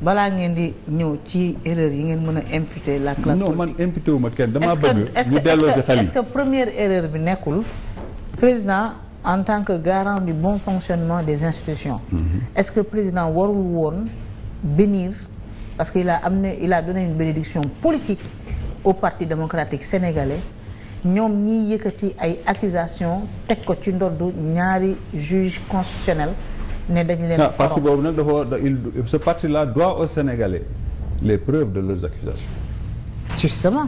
balaa ngeen di ñëw ci erreur yi ngeen mën a imputer la classe politique man imputer wu ma kenn damaa bëgg. ñu delloo si xel yi est bi nekkul président en tant que garant du bon fonctionnement des institutions. Mm -hmm. est-ce que président warul woon bénir parce que il a na il a donné une bénédiction politique au parti démocratique sénégalais ñoom ñiy yëkkati ay accusations teg ko ci ndoddu ñaari juge constitutionnel ne dañ leen boobu nag dafa ce parti là doit aux Sénégalais les preuves de leurs accusations justement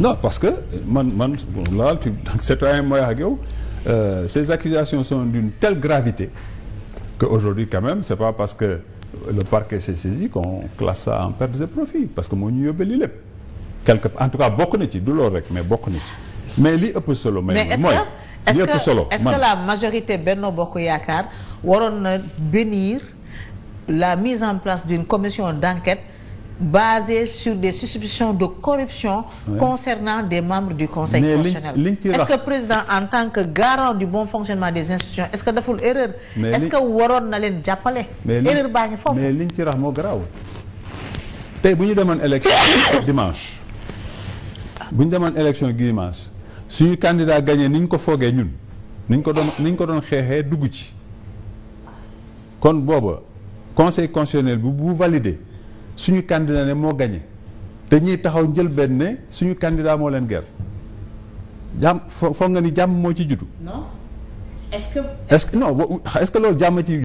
non parce que man man laal tu citoyen mooy ak yow euh, ces accusations sont d'une telle gravité que aujourd'hui quand même c'est pas parce que le parquet s'est saisi qu'on classe ça en perte de profit parce que moo ñu yóbbee li lépp quelque en tout cas bokk na ci du loolu rek mais bokk na ci mais li ëpp solo mais mooy li est la majorité Benno waroon na bénir la mise en place d'une commission d'enquête basée sur des suspicions de corruption ouais. concernant des membres du Conseil mais constitutionnel est-ce que président en tant que garant du bon fonctionnement des institutions est-ce que deful est waroon na leen jàppale erreur baa ngi foofu mais liñ ci rax moo garaw tey bu ñu demoon élection dimanche bu ñu demoon élection dimanche suñu candidat gagné ni ñu ko foogee ñun ni ñu ko doon ni ñu ko doon xeexee dugg ci kon booba conseil constitutionnel bu validé suñu candidat ne moo gagné te ñuy taxaw njël benn suñu candida moo leen ger jàmm foo nga ni jàmm moo ci juddu. non est-ce ce que non est-ce loolu jàmm ci.